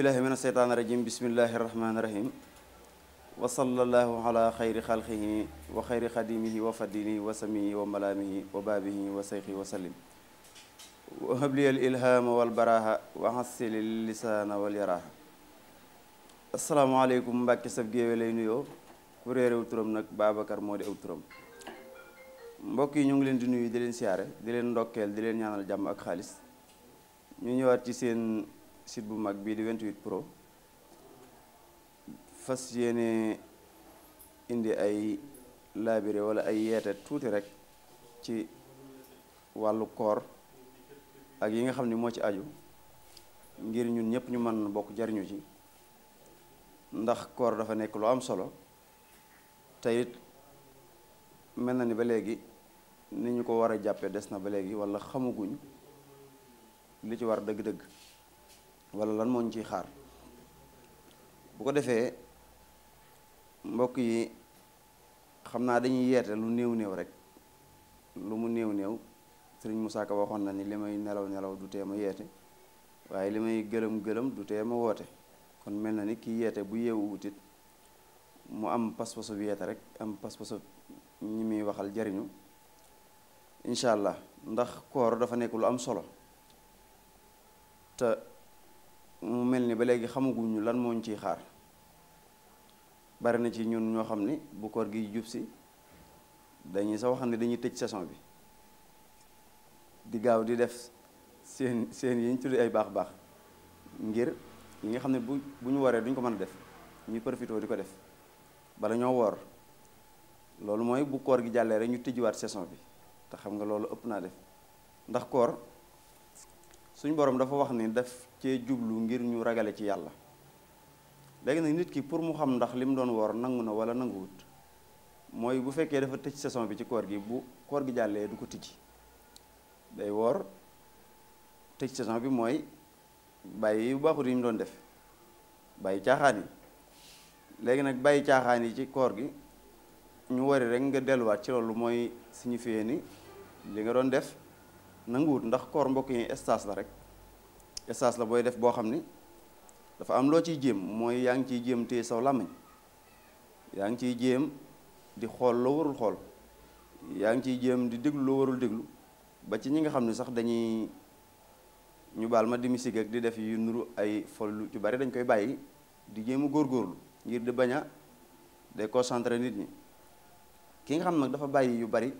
billahi min asheytaan irajim bismillahi irrahmani irahim wasalallaahu ala xayri xalqihi wa xayri xadimihi wa fadilihi wa samihi wa malaamihi wa baabihi wa seyxi wa sallim wa habliya al ilhaama walbaraha wa xassili lisaana wal yaraaha asalaamaaleykum mbàkke sab géewe lay nuyoo ku réere aw turam nag Babacar moo di aw turam mbokk yi ñu ngi leen di nuyu di leen siyaare di leen ndokkeel di leen ñaanal jàmm ak xaalis ñu ñëwaat ci seen sit bu mag bii di went 28 pro fas yéene indi ay laabire wala ay yeete tuuti rek ci wàllu koor ak yi nga xam ni moo ci aju ngir ñun ñëpp ñu mën bokk jariñu ci ndax koor dafa nekk lu am solo te it mel na ni ba léegi ni ñu ko war a jàppee des na ba léegi wala xamaguñ li ci war dëgg-dëgg wala lan mooñ ñu ciy xaar bu ko defee mbokk yi xam naa dañuy yeete lu néew néew rek lu mu néew néew sëriñ mu Ka waxoon na ni li may nelaw nelaw du teema yeete waaye li may gëlëm gëlëm du teema woote kon mel na ni kii yeete bu yeewu wutit mu am pas-pasu yeete rek am pas-pasu ñi muy waxal jariñu incha allah ndax koor dafa nekk lu am solo te mu mel ni ba léegi xamaguñu lan mooñ ciy xaar bari na ci ñun ñoo xam ni bu koor gi jub si dañuy sa wax ne dañuy tëj saison bi di gaaw di def seen seen yi ñu tudd ay baax baax ngir yi nga xam ne bu bu ñu waree duñ ko mën a def ñuy profité di ko def bala ñoo woor loolu mooy bu koor gi jàllee rek ñu tëjiwaat saison bi te xam nga loolu ëpp naa def ndax koor suñ borom dafa wax ni def cee jublu ngir ñu ragale ci yàlla léegi nag nit ki pour mu xam ndax li mu doon woor nangu na wala nanguwut mooy bu fekkee dafa tëj saison bi ci koor gi bu koor gi jàllee du ko tijji day woor tëj saison bi mooy bàyyi yu baaxut yi mu doon def bàyyi caaxaan yi léegi nag bàyyi caaxaan yi ci koor gi ñu wari rek nga delluwaat ci loolu mooy signifié ni li nga doon def nanguwut ndax koor mbokk yi stage la rek essence la booy def boo xam ni dafa am loo ciy jéem mooy yaa ngi ciy jéem téye saw làmmiñ yaa ngi ciy jéem di xool loo warul xool yaa ngi ciy jéem di déglu loo warul déglu ba ci ñi nga xam ne sax dañuy ñu baal ma di misig ak di def yu nuru ay fol yu bari dañ koy bàyyi di jéem góor góorlu ngir di bañ a day concentré nit ñi ki nga xam nag dafa bàyyi yu bari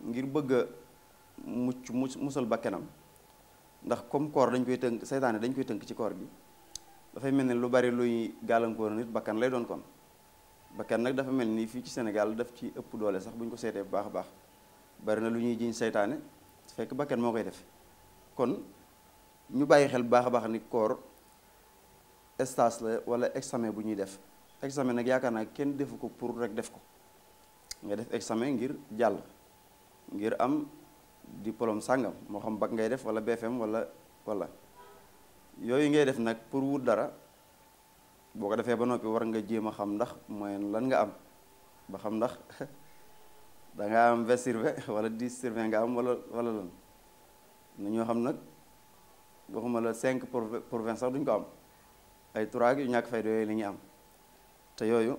ngir bëgg a mucc musal bakkenam ndax comme koor dañ koy tënk seytaane dañ koy tënk ci koor gi dafay mel ne lu bari luy gàllankoor nit bakkan lay doon kon bakkan nag dafa mel nii fii ci senegal daf ci ëpp doole sax bu ñu ko seetee bu baax a baax bari na lu ñuy jiñ seytaane fekk bakkan moo koy def kon ñu bàyyi xel bu baax a baax ni koor stage la wala examen bu ñuy def examen nag yaakaar naa kenn defu ko pour rek def ko nga def examen ngir jàll ngir am diplôme sàngam moo xam bac ngay def wala BFM wala walla yooyu ngay def nag pour wut dara boo ko defee ba noppi war nga jéem a xam ndax mooy lan nga am ba xam ndax da nga am vingt wala dix sur nga am wala wala lan na ñoo xam nag waxuma la cinq pour vingt sax duñ ko am ay trois yu ñàkk fayda yooyu la ñuy am te yooyu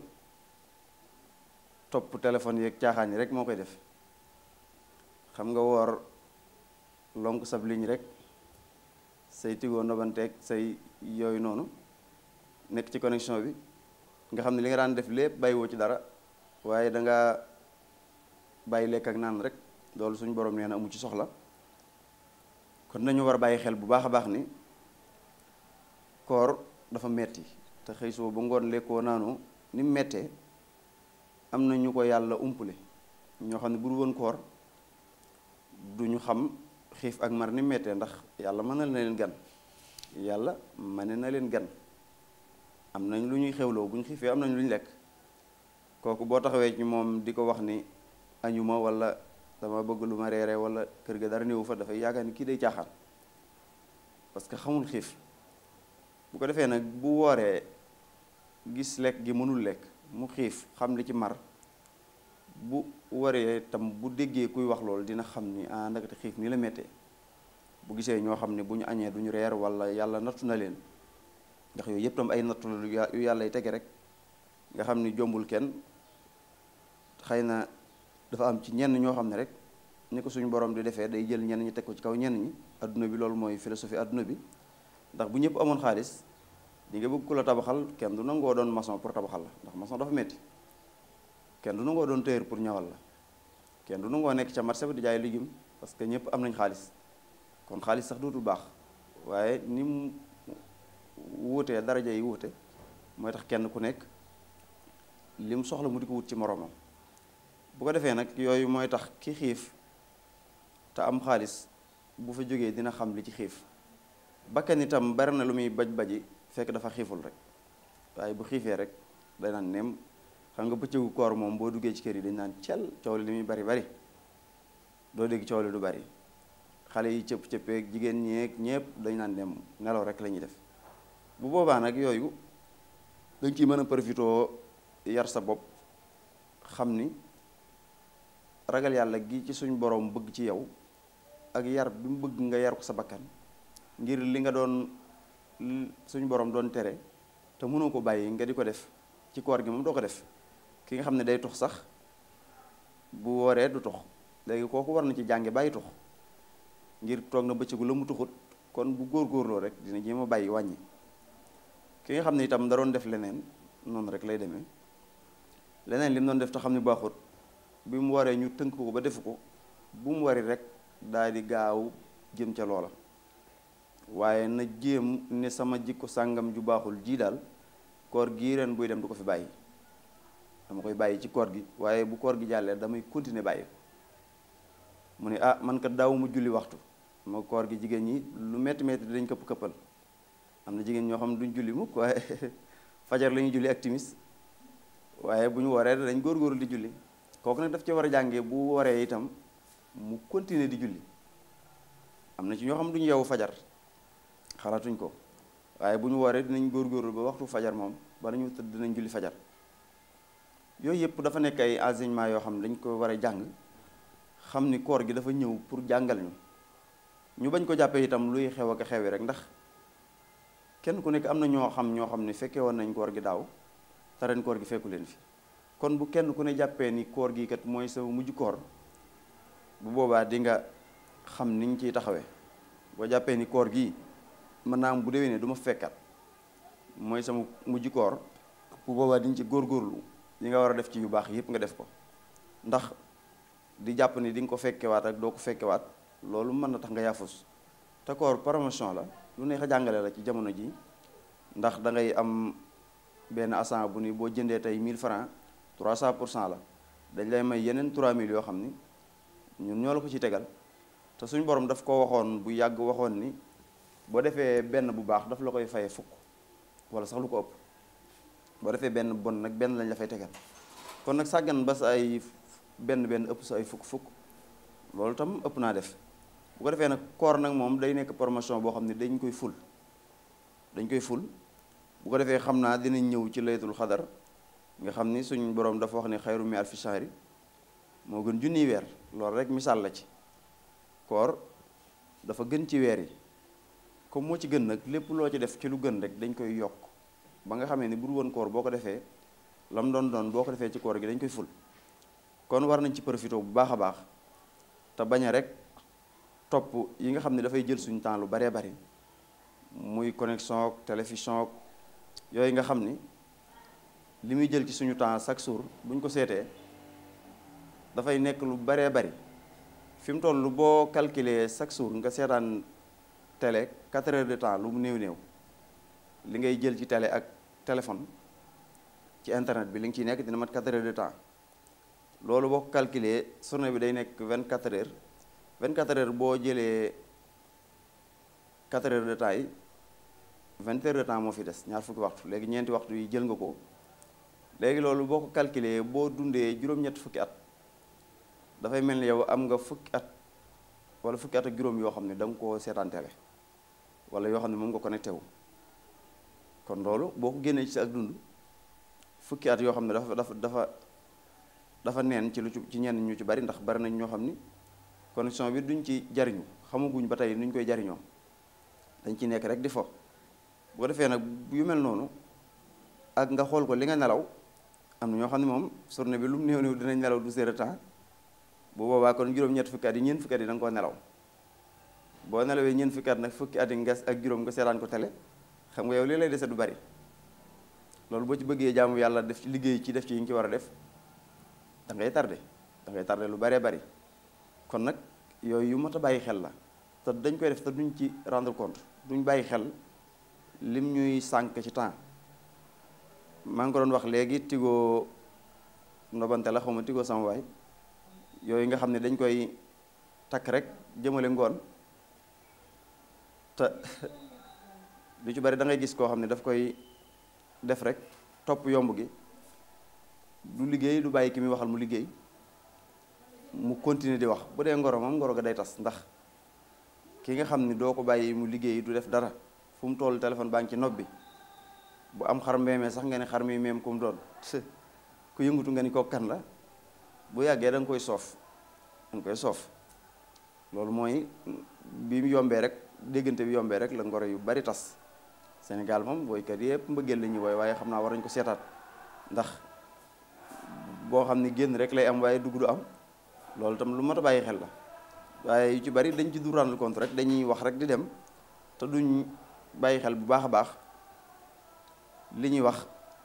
topp téléphone yeeg caaxaan yi rek moo koy def xam nga woor lonk sab liñ rek say tigoo nobanteeg say yooyu noonu nekk ci connexion bi nga xam ne li nga daan def lépp bàyyiwoo ci dara waaye da nga bàyyi lekk ak naan rek loolu suñu borom nee na amu ci soxla kon nañu war a bàyyi xel bu baax a baax ni koor dafa metti te xëy suba ba ngoon lekkoo naanoo ni mu mettee am na ñu ko yàlla umpule ñoo xam ne bu dul koor du ñu xam xiif ak mar ni mettee ndax yàlla mënal na leen gan yàlla mane na leen gan am nañ lu ñuy xewloo bu ñu xiifee am nañ lu ñu lekk kooku boo taxawee ci moom di ko wax ni añuma walla dama bëgg lu ma reere wala kër ga dara néewu fa dafay yaakaar ni kii day caaxaan parce que xamul xiif bu ko defee nag bu wooree gis lekk gi mënul lekk mu xiif xam li ci mar bu waree tam bu déggee kuy wax loolu dina xam ni ah ndakati xiif ni la méttee bu gisee ñoo xam ne bu ñu añee du ñu reer wala yàlla nattu na leen ndax yooyu yëpp tam ay nattu la yu yàlla y tege rek nga xam ni jombul kenn xëy na dafa am ci ñenn ñoo xam ne rek ni ko suñu borom di defee day jël ñenn ñi teg ko ci kaw ñenn ñi adduna bi loolu mooy philosophie adduna bi ndax bu ñëpp amoon xaalis di nga bëgg ku la tabaxal kenn du nangoo doon mason pour tabaxal la ndax maçon dafa métti kenn du nangoo doon téyër pour ñawal la kenn du nangoo nekk ca marché ba di jaay légume parce que ñëpp am nañ xaalis kon xaalis sax dootul baax waaye ni mu wuutee daraja yi wuute mooy tax kenn ku nekk li mu soxla mu di ko wut ci moroomam bu ko defee nag yooyu mooy tax ki xiif te am xaalis bu fa jógee dina xam li ci xiif bakkan itam bari na lu muy baj baji fekk dafa xiiful rek waaye bu xiifee rek day naan xam nga bëccëgu koor moom boo duggee ci kër yi dañ naan cel coow li muy bari bari doo dégg coow li du bari xale yi cëpp cëppeeg jigéen ñeeg ñépp dañ naan dem nelaw rek la ñuy def bu boobaa nag yooyu dañ ci mën a profité yar sa bopp xam ni ragal yàlla gi ci suñ borom bëgg ci yow ak yar bi mu bëgg nga yar ko sa bakkan ngir li nga doon suñ borom doon tere te mënoo ko bàyyi nga di ko def ci koor gi moom doo ko def ki nga xam ne day tux sax bu wooree du tox léegi kooku war na ci jànge bàyyi tux ngir toog na bëccëgu la mu tuxut kon bu góor góorloo rek dina jéem a bàyyi wàññi ki nga xam ne itam da def leneen noonu rek lay deme leneen li mu doon def te xam ne baaxut bi mu waree ñu tënk ko ba defu ko bu mu wari rek dal di gaaw jëm ca loola waaye na jéem ne sama jikko sàngam ju baaxul jii daal koor gii ren buy dem du ko fi bàyyi dama koy bàyyi ci koor gi waaye bu koor gi jàllee damay continuer bàyyi mu ne ah man kat daaw mu julli waxtu ma koor gi jigéen ñi lu metti métti dinañ këpp këppal am na jigéen ñoo xam ne duñ julli mukk waaye fajar la ñuy julli ak timis waaye bu ñu waree dañ góorgóorlu di julli kooku nag daf ci war a jàngee bu wooree itam mu continuer di julli am na ci ñoo xam ne duñ yeewu fajar xalaatuñ ko waaye bu ñu waree dinañ góorgóorlu ba waxtu fajar moom bala ñu tëdd dinañ julli fajar yooyu yëpp dafa nekk ay enseignement yoo xam ne dañ ko war a jàng xam ni koor gi dafa ñëw pour jàngal ñu ñu bañ ko jàppee itam luy xew ak xewi rek ndax kenn ku nekk am na ñoo xam ñoo xam ne fekkee woon nañ koor gi daaw te koor gi fekku leen fi kon bu kenn ku ne jàppee ni koor gi kat mooy sa mujj koor bu boobaa di nga xam niñ nga ciy taxawee boo jàppee ni koor gi mën naa am bu déwénee du ma fekkat mooy sama mujj koor bu boobaa di nga ci góorgóorlu yi nga war a def ci yu baax yëpp nga def ko ndax di jàpp ni di nga ko fekkewaat ak doo ko fekkewaat loolu mën na tax nga yaafus te koor promotion la lu neex a jàngale la ci jamono ji ndax da am benn assant bu ni boo jëndee tey 1000 trois 300 pour cent la dañ lay may yeneen trois 3000 yoo xam ni ñun ñoo la ko ci tegal te suñ borom daf ko waxoon bu yàgg waxoon ni boo defee benn bu baax daf la koy faye fukk wala sax lu ko ëpp boo defee benn bon nag benn lañ dafay fay tegal kon nag sàggan ba sa ay benn benn ëpp sa ay fukk-fukk loolu tam ëpp naa def bu ko defee nag koor nag moom day nekk promotion boo xam ne dañ koy ful dañ koy ful bu ko defee xam naa dinañ ñëw ci laytul xadar nga xam ni suñu borom dafa wax ne xayru mi alfi moo gën junniy weer loolu rek misaal la ci koor dafa gën ci weer yi comme moo ci gën nag lépp loo ci def ci lu gën rek dañ koy yokk ba nga xamee ni bu dul woon koor boo ko defee la mu doon doon boo ko defee ci koor gi dañ koy ful kon war nañ ci profité bu baax a baax te bañ a rek topp yi nga xam ne dafay jël suñu temps lu baree bari muy connexion ak yooyu nga xam ni li muy jël ci suñu temps chaque jour buñ ko seetee dafay nekk lu baree bari fi mu toll boo calculer chaque jour nga seetaan télé 4 heures de temps lu mu néew-néew. li ngay jël ci télé ak téléphone ci internet bi li nga ciy nekk dina mat 4 heures de temps loolu boo ko calculer journée bi day nekk 24 heures 24 heures boo jëlee 4 heures de temps moo fi des ñaar fukki waxtu léegi ñeenti waxtu yi jël nga ko léegi loolu boo ko calculer boo dundee juróom-ñetti fukki at dafay mel ni yow am nga fukki at wala fukki at ak juróom yoo xam ne da ko koo seetaan télé wala yoo xam ne moom nga connecté wu. kon loolu boo ko génnee ci sa ak dund fukki at yoo xam ne dafa dafa dafa dafa neen ci lu ci ñenn ñu ci bari ndax bari nañ ñoo xam ni connexion bi duñ ci jariñu xamaguñ ba tey nuñ koy jariñoo dañ ci nekk rek di fo boo defee nag yu mel noonu ak nga xool ko li nga nelaw am na ñoo xam ne moom journée bi lu mu néew néew dinañ nelaw douze heures de temps bu boobaa kon juróom-ñett fukki at yi ñeent fukki at yi da koo nelaw boo nelawee ñeent fukki at nag fukki at yi nges ak juróom nga seetaan ko télé xam nga yow li lay dese du bari loolu boo ci bëggee jaamu yàlla def ci liggéey ci def ci yi nga ci war a def da tardé da tardé lu baree bari kon nag yooyu yu mot a bàyyi xel la te dañ koy def te duñ ci rendre compte duñ bàyyi xel lim ñuy sànk ci temps maa ngi ko doon wax léegi Tigo ndobante xaw ma Tigo sama waay yooyu nga xam ne dañ koy takk rek jëmale ngoon te lu ci bari da ngay gis koo xam ne daf koy def rek topp yomb gi du liggéey du bàyyi ki muy waxal mu liggéey mu continuer di wax bu dee ngoro moom ngoro ga day tas ndax ki nga xam ni doo ko bàyyi mu liggéey du def dara fu mu toll téléphone baa ngi ci nopp bi bu am xar mbeemee sax nga ne xar mi meem ku mu doon ku yëngutu nga ni ko kan la bu yàggee da koy soof da koy soof loolu mooy bi mu yombee rek déggante bi yombee rek la ngoro yu bari tas Sénégal moom woykat yëpp mbëggeel la ñuy woy waaye xam naa warañ ko seetaat ndax boo xam ne génn rek lay am waaye dugg du am loolu itam lu mat bàyyi xel la waaye yu ci bari dañ ci du rendre compte rek dañuy wax rek di dem te duñ bàyyi xel bu baax a baax li ñuy wax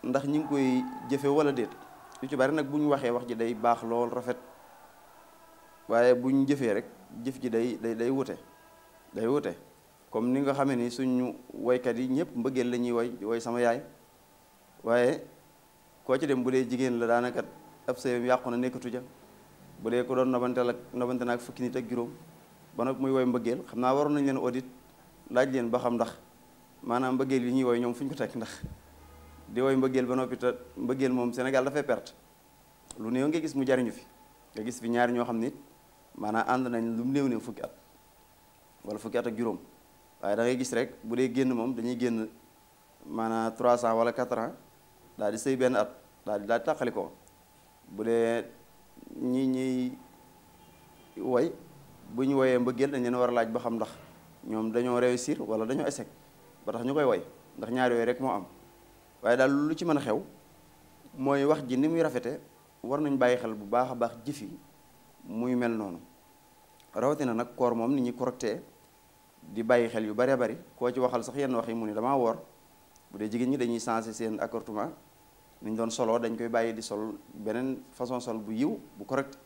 ndax ñi ngi koy jëfe wala déet yu ci bari nag bu ñu waxee wax ji day baax lool rafet waaye buñ jëfee rek jëf ji day day day wute day wute comme ni nga xamee ni suñu woykat yi ñëpp mbëggeel la ñuy woy woy sama yaay waaye koo ci dem bu dee jigéen la daanaka ab sëyam yàqu na nekkatu ja bu dee ko doon nobanteel ak nobante naag fukki nit ak juróom ba nag muy woy mbëggeel xam naa waroon nañ leen audit laaj leen ba xam ndax maanaam mbëggeel yi ñuy woy ñoom fu ñu ko teg ndax di woy mbëggeel ba noppi te mbëggeel moom senegal dafay perte lu néew nga gis mu jariñu fi nga gis fi ñaari ñoo xam nit maanaam ànd nañ lu néew néew fukki at wala fukki at ak juróom waaye dangay gis rek bu dee génn moom dañuy génn maanaam 300 wala 4 ans daal di sëy benn at daal di daal di ko bu dee ñi ñiy woy bu ñu woyee mbëggeel dañ leen war a laaj ba xam ndax ñoom dañoo réussir wala dañoo échec ba tax ñu koy woy ndax ñaar yooyu rek moo am waaye daal lu ci mën a xew mooy wax ji ni muy rafete war nañ bàyyi xel bu baax a baax jëfi muy mel noonu rawatina nag koor moom ni ñuy correcté di bàyyi xel yu baree bari koo ci waxal sax yenn wax yi mu ni damaa woor bu dee jigéen ñi dañuy changé seen accortement ni ñu doon soloo dañ koy bàyyi di sol beneen façon sol bu yiw bu correct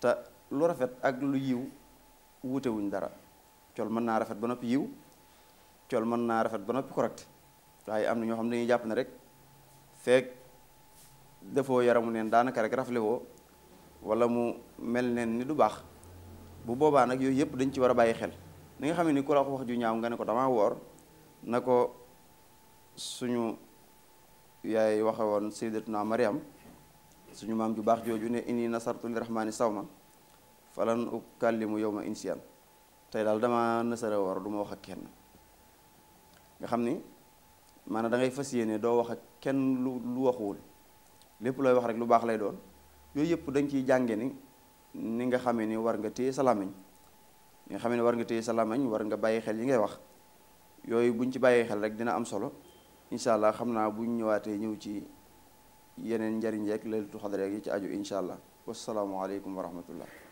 te lu rafet ak lu yiw wuutewuñ dara col mën naa rafet ba noppi yiw col mën naa rafet ba noppi correct waaye am na ñoo xam ne dañuy jàpp na rek feek defoo yaramu neen daanaka rek rafle woo wala mu mel neen ni du baax bu boobaa nag yooyu yëpp dañ ci war a bàyyi xel li nga xam ni ku la wax ju ñaaw nga ne ko dama woor na ko suñu yaay waxe woon sayyidatuna Maryam suñu maam ju baax jooju ne inni nasartu lirahmani sawma falan yow ma insiyan tey daal dama nasara woor du ma wax ak kenn nga xam ni maanaam da ngay fas yéene doo wax ak kenn lu lu waxuwul lépp looy wax rek lu baax lay doon yooyu yëpp dañ ciy jànge ni ni nga xamee ni war nga téye sa làmmiñ yi nga xam ne war nga téye sa làmmiñ war nga bàyyi xel yi ngay wax yooyu buñ ci bàyyi xel rek dina am solo incha allah xam naa bu buñ ñëwaatee ñëw ci yeneen njariñ yeeg leeltu xadar yi ci aju incha allah wa wasalaamualeykum wa rahmatullah